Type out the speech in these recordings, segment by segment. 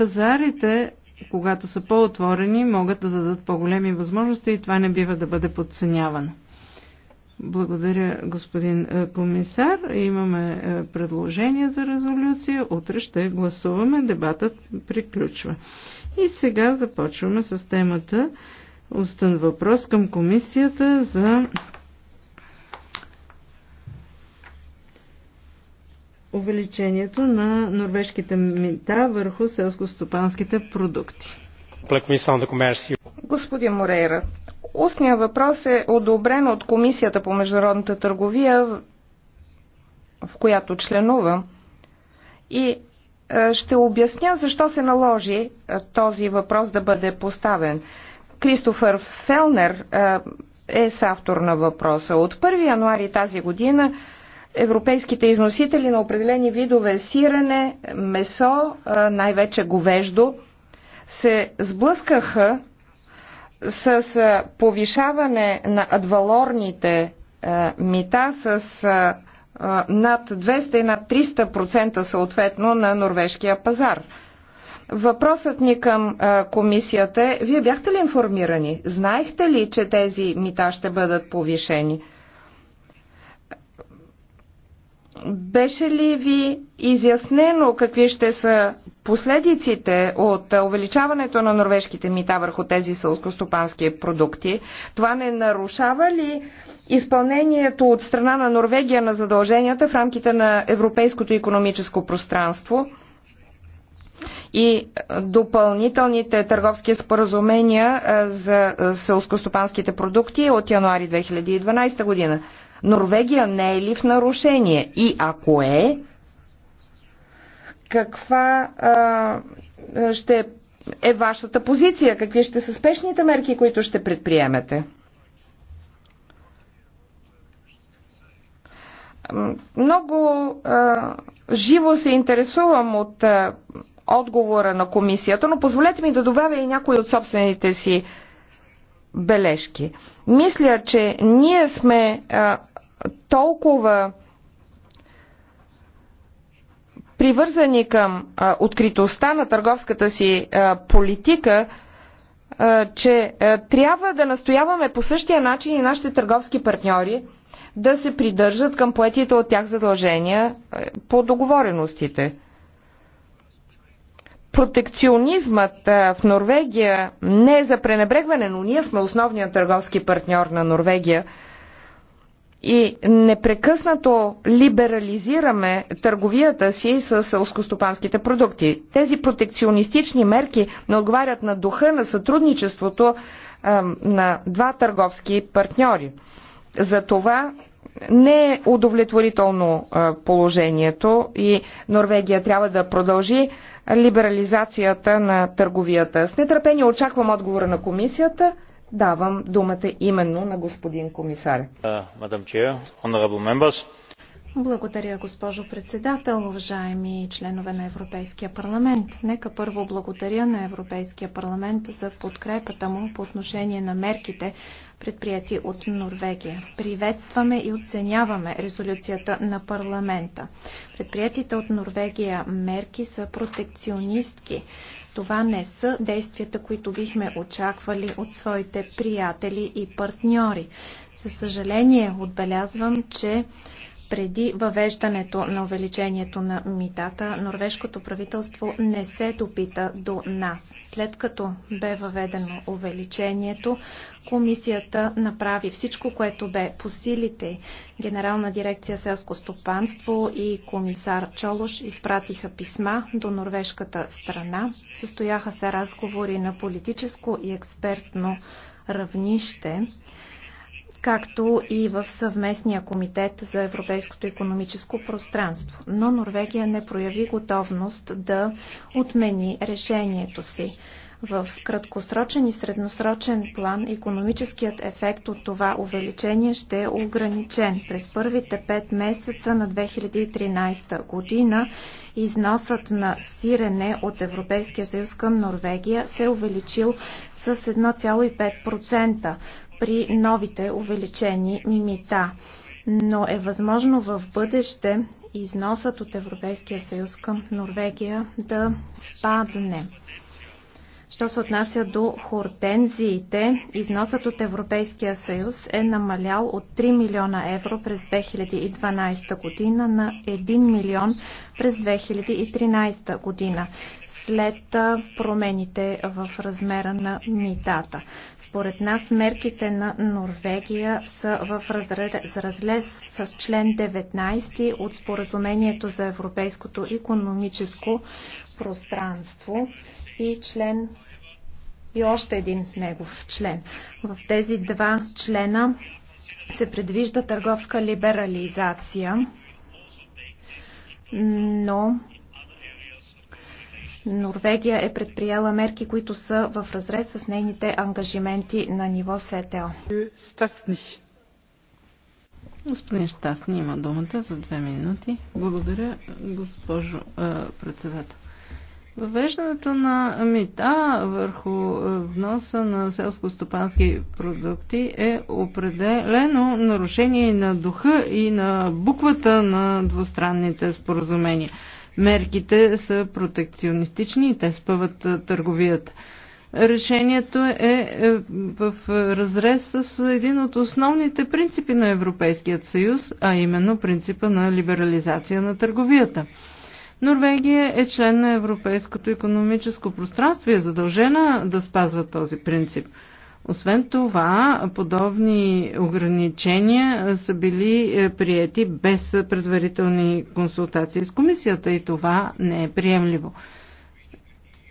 Пазарите, когато са по-отворени, могат да дадат по-големи възможности и това не бива да бъде подценявано. Благодаря, господин е, комисар. Имаме е, предложение за резолюция. Утре ще гласуваме. Дебатът приключва. И сега започваме с темата Остан въпрос към комисията за увеличението на норвежките мита върху селскостопанските продукти. Господин Морейра, устният въпрос е одобрен от Комисията по международната търговия, в която членувам. И е, ще обясня защо се наложи е, този въпрос да бъде поставен. Кристофър Фелнер е, е с автор на въпроса. От 1 януари тази година европейските износители на определени видове сирене, месо, най-вече говеждо, се сблъскаха с повишаване на адвалорните мита с над 200 и над 300% съответно на норвежкия пазар. Въпросът ни към комисията е, вие бяхте ли информирани? Знаехте ли, че тези мита ще бъдат повишени? Беше ли ви изяснено какви ще са последиците от увеличаването на норвежките мита върху тези сълскостопански продукти? Това не нарушава ли изпълнението от страна на Норвегия на задълженията в рамките на Европейското економическо пространство? и допълнителните търговски споразумения за селскостопанските продукти от януари 2012 година. Норвегия не е ли в нарушение? И ако е, каква а, ще е вашата позиция? Какви ще са спешните мерки, които ще предприемете? Много а, живо се интересувам от а, отговора на комисията, но позволете ми да добавя и някои от собствените си бележки. Мисля, че ние сме а, толкова привързани към а, откритостта на търговската си а, политика, а, че а, трябва да настояваме по същия начин и нашите търговски партньори да се придържат към поетите от тях задължения а, по договореностите. Протекционизмът а, в Норвегия не е за пренебрегване, но ние сме основният търговски партньор на Норвегия – и непрекъснато либерализираме търговията си с селскостопанските продукти. Тези протекционистични мерки не отговарят на духа на сътрудничеството а, на два търговски партньори. Затова не е удовлетворително положението и Норвегия трябва да продължи либерализацията на търговията. С нетърпение очаквам отговора на комисията. Давам думата именно на господин комисар. Благодаря, госпожо председател, уважаеми членове на Европейския парламент. Нека първо благодаря на Европейския парламент за подкрепата му по отношение на мерките, предприяти от Норвегия. Приветстваме и оценяваме резолюцията на парламента. Предприятите от Норвегия мерки са протекционистки. Това не са действията, които бихме очаквали от своите приятели и партньори. Със съжаление отбелязвам, че преди въвеждането на увеличението на митата, норвежкото правителство не се допита до нас. След като бе въведено увеличението, комисията направи всичко, което бе по силите. Генерална дирекция селско стопанство и комисар Чолош изпратиха писма до норвежката страна. Състояха се разговори на политическо и експертно равнище както и в съвместния комитет за Европейското економическо пространство. Но Норвегия не прояви готовност да отмени решението си. В краткосрочен и средносрочен план економическият ефект от това увеличение ще е ограничен. През първите пет месеца на 2013 година износът на сирене от Европейския съюз към Норвегия се е увеличил с 1,5% при новите увеличени мита. Но е възможно в бъдеще износът от Европейския съюз към Норвегия да спадне. Що се отнася до хортензиите, износът от Европейския съюз е намалял от 3 милиона евро през 2012 година на 1 милион през 2013 година след промените в размера на митата. Според нас мерките на Норвегия са в разрез с член 19 от споразумението за Европейското економическо пространство и член и още един негов член. В тези два члена се предвижда търговска либерализация, но Норвегия е предприела мерки, които са в разрез с нейните ангажименти на ниво СТО. Господин Штасни има думата за две минути. Благодаря, госпожо председател. Въвеждането на мита върху вноса на селско-стопански продукти е определено нарушение на духа и на буквата на двустранните споразумения мерките са протекционистични и те спъват търговията. Решението е, е, е в е, разрез с един от основните принципи на Европейският съюз, а именно принципа на либерализация на търговията. Норвегия е член на Европейското економическо пространство и е задължена да спазва този принцип – освен това, подобни ограничения са били е, приети без предварителни консултации с комисията и това не е приемливо.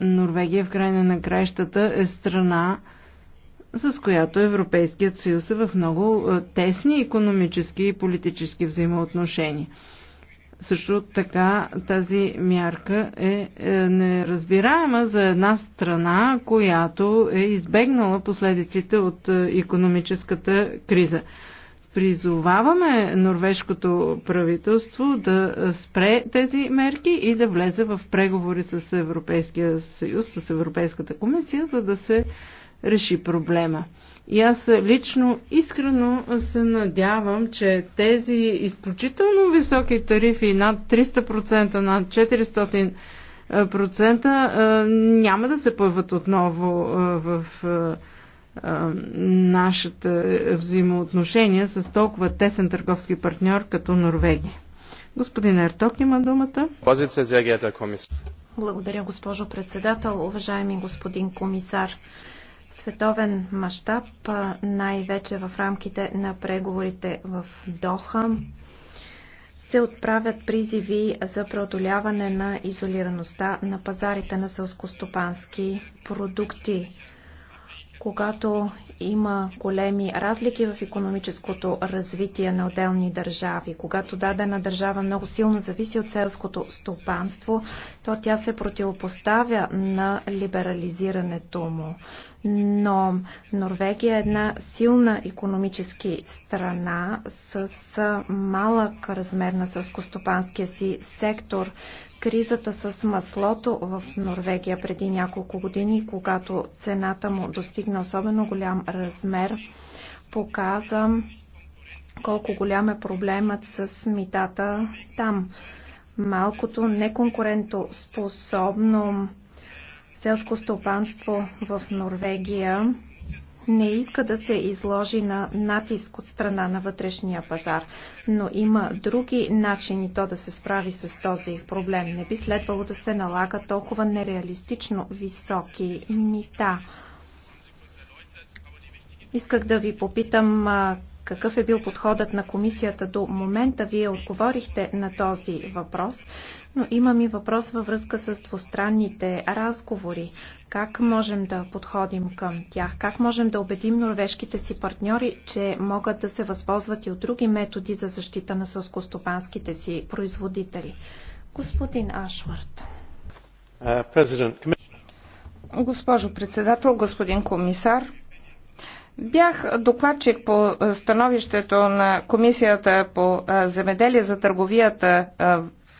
Норвегия в крайна на краищата е страна, с която Европейският съюз е в много е, тесни економически и политически взаимоотношения. Също така тази мярка е, е неразбираема за една страна, която е избегнала последиците от економическата криза. Призоваваме норвежкото правителство да е, спре тези мерки и да влезе в преговори с Европейския съюз, с Европейската комисия, за да се реши проблема. И аз лично искрено се надявам, че тези изключително високи тарифи над 300%, над 400% няма да се появат отново в нашите взаимоотношения с толкова тесен търговски партньор като Норвегия. Господин Ерток има думата. Благодаря, госпожо председател, уважаеми господин комисар световен мащаб, най-вече в рамките на преговорите в Доха, се отправят призиви за преодоляване на изолираността на пазарите на селскостопански продукти. Когато има големи разлики в економическото развитие на отделни държави, когато дадена държава много силно зависи от селското стопанство, то тя се противопоставя на либерализирането му но Норвегия е една силна економически страна с малък размер на сълскостопанския си сектор. Кризата с маслото в Норвегия преди няколко години, когато цената му достигна особено голям размер, показа колко голям е проблемът с митата там. Малкото неконкурентоспособно способно селско стопанство в Норвегия не иска да се изложи на натиск от страна на вътрешния пазар, но има други начини то да се справи с този проблем. Не би следвало да се налага толкова нереалистично високи мита. Исках да ви попитам какъв е бил подходът на комисията до момента. Вие отговорихте на този въпрос, но имам и въпрос във връзка с двустранните разговори. Как можем да подходим към тях? Как можем да убедим норвежките си партньори, че могат да се възползват и от други методи за защита на сълскостопанските си производители? Господин Ашвард. Uh, Госпожо председател, господин комисар, Бях докладчик по становището на Комисията по земеделие за търговията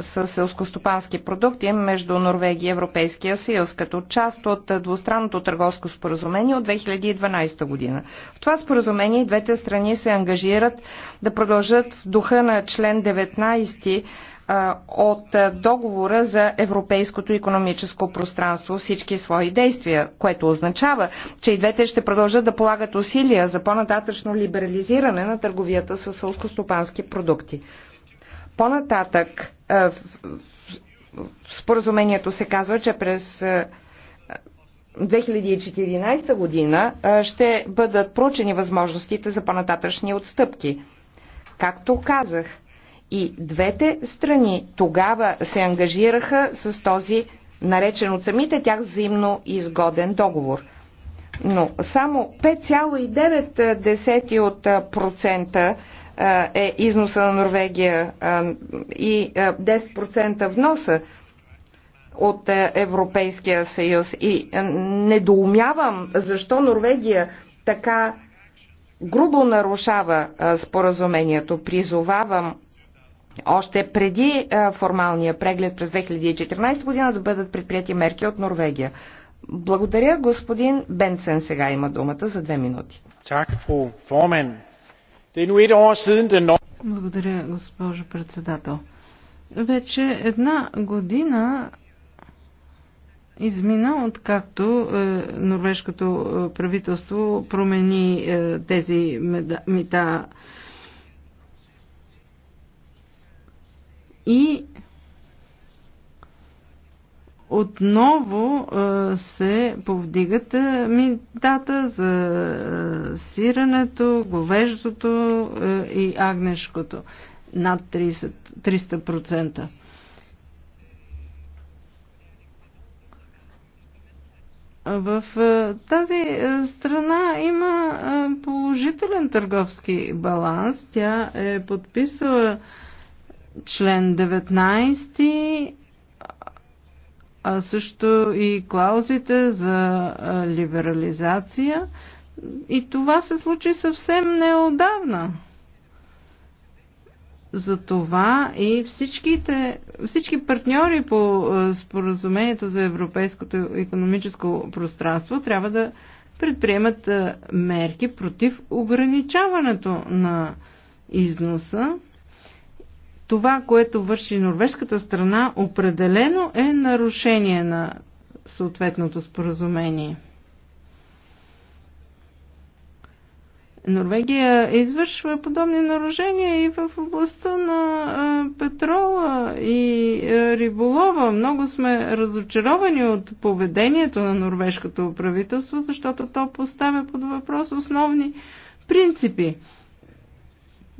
с селскостопански продукти между Норвегия и Европейския съюз, като част от двустранното търговско споразумение от 2012 година. В това споразумение двете страни се ангажират да продължат в духа на член 19 от договора за Европейското економическо пространство всички свои действия, което означава, че и двете ще продължат да полагат усилия за по-нататъчно либерализиране на търговията с сълскостопански продукти. По-нататък в споразумението се казва, че през 2014 година ще бъдат проучени възможностите за по-нататъчни отстъпки. Както казах, и двете страни тогава се ангажираха с този, наречен от самите тях, взаимно изгоден договор. Но само 5,9% е износа на Норвегия и 10% вноса от Европейския съюз. И недоумявам защо Норвегия така грубо нарушава споразумението. Призовавам още преди формалния преглед през 2014 година да бъдат предприяти мерки от Норвегия. Благодаря, господин Бенсен сега има думата за две минути. Er Благодаря, госпожо председател. Вече една година измина, откакто е, норвежкото е, правителство промени е, тези меда, мита и отново се повдигат митата за сирането, говеждото и агнешкото над 30, 300%. В тази страна има положителен търговски баланс. Тя е подписала член 19, а също и клаузите за либерализация. И това се случи съвсем неодавна. Затова и всичките, всички партньори по споразумението за европейското економическо пространство трябва да предприемат мерки против ограничаването на износа това, което върши норвежката страна, определено е нарушение на съответното споразумение. Норвегия извършва подобни нарушения и в областта на петрола и риболова. Много сме разочаровани от поведението на норвежкото правителство, защото то поставя под въпрос основни принципи.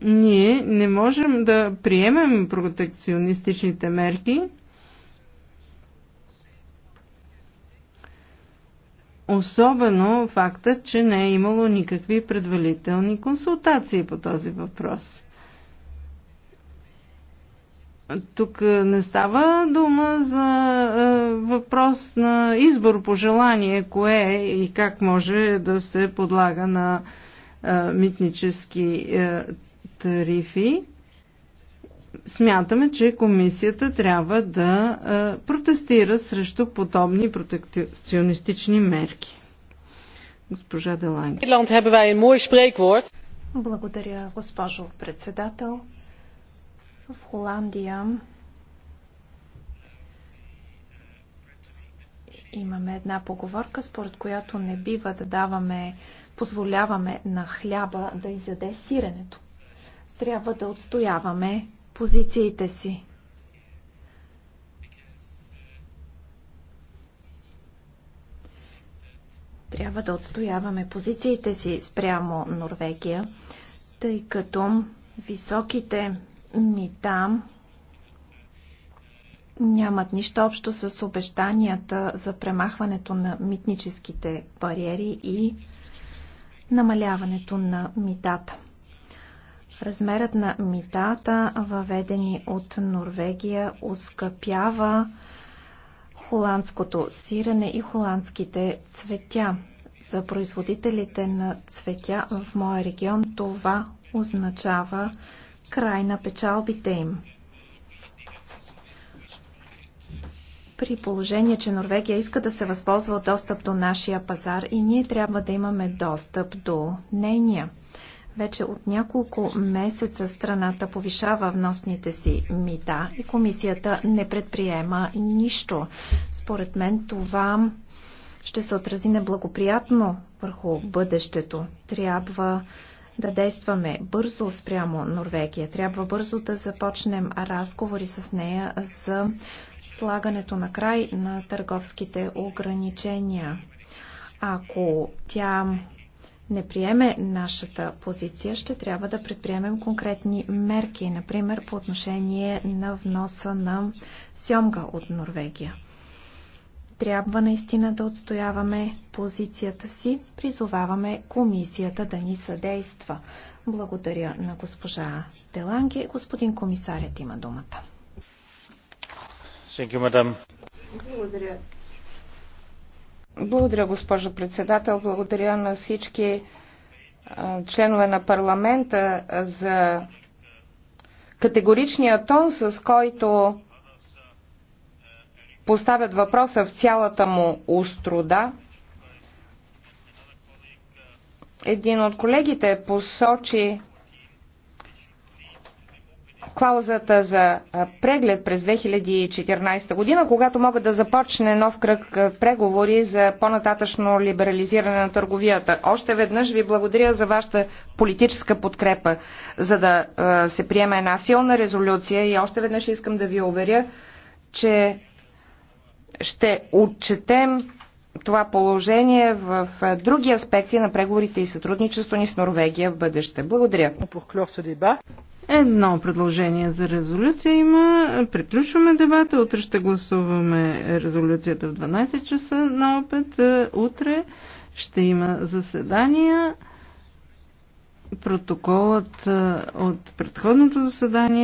Ние не можем да приемем протекционистичните мерки, особено факта, че не е имало никакви предварителни консултации по този въпрос. Тук не става дума за е, въпрос на избор по желание, кое е и как може да се подлага на е, митнически е, тарифи, смятаме, че комисията трябва да протестира срещу подобни протекционистични мерки. Госпожа Делайн. Благодаря, госпожо председател. В Холандия имаме една поговорка, според която не бива да даваме, позволяваме на хляба да изяде сиренето трябва да отстояваме позициите си. Трябва да отстояваме позициите си спрямо Норвегия, тъй като високите мита нямат нищо общо с обещанията за премахването на митническите бариери и намаляването на митата. Размерът на митата, въведени от Норвегия, ускъпява холандското сирене и холандските цветя. За производителите на цветя в моя регион това означава край на печалбите им. При положение, че Норвегия иска да се възползва от достъп до нашия пазар и ние трябва да имаме достъп до нейния. Вече от няколко месеца страната повишава вносните си мита и комисията не предприема нищо. Според мен това ще се отрази неблагоприятно върху бъдещето. Трябва да действаме бързо спрямо Норвегия. Трябва бързо да започнем разговори с нея за слагането на край на търговските ограничения. Ако тя не приеме нашата позиция, ще трябва да предприемем конкретни мерки, например по отношение на вноса на сьомга от Норвегия. Трябва наистина да отстояваме позицията си. Призоваваме комисията да ни съдейства. Благодаря на госпожа Теланге, Господин комисарят има думата. Благодаря. Благодаря, госпожо председател. Благодаря на всички членове на парламента за категоричния тон, с който поставят въпроса в цялата му устрода. Един от колегите посочи клаузата за преглед през 2014 година, когато могат да започне нов кръг преговори за по-нататъчно либерализиране на търговията. Още веднъж ви благодаря за вашата политическа подкрепа, за да се приеме една силна резолюция и още веднъж искам да ви уверя, че ще отчетем това положение в други аспекти на преговорите и сътрудничество ни с Норвегия в бъдеще. Благодаря. Едно предложение за резолюция има. Приключваме дебата. Утре ще гласуваме резолюцията в 12 часа на опет. Е, утре ще има заседания. Протоколът е, от предходното заседание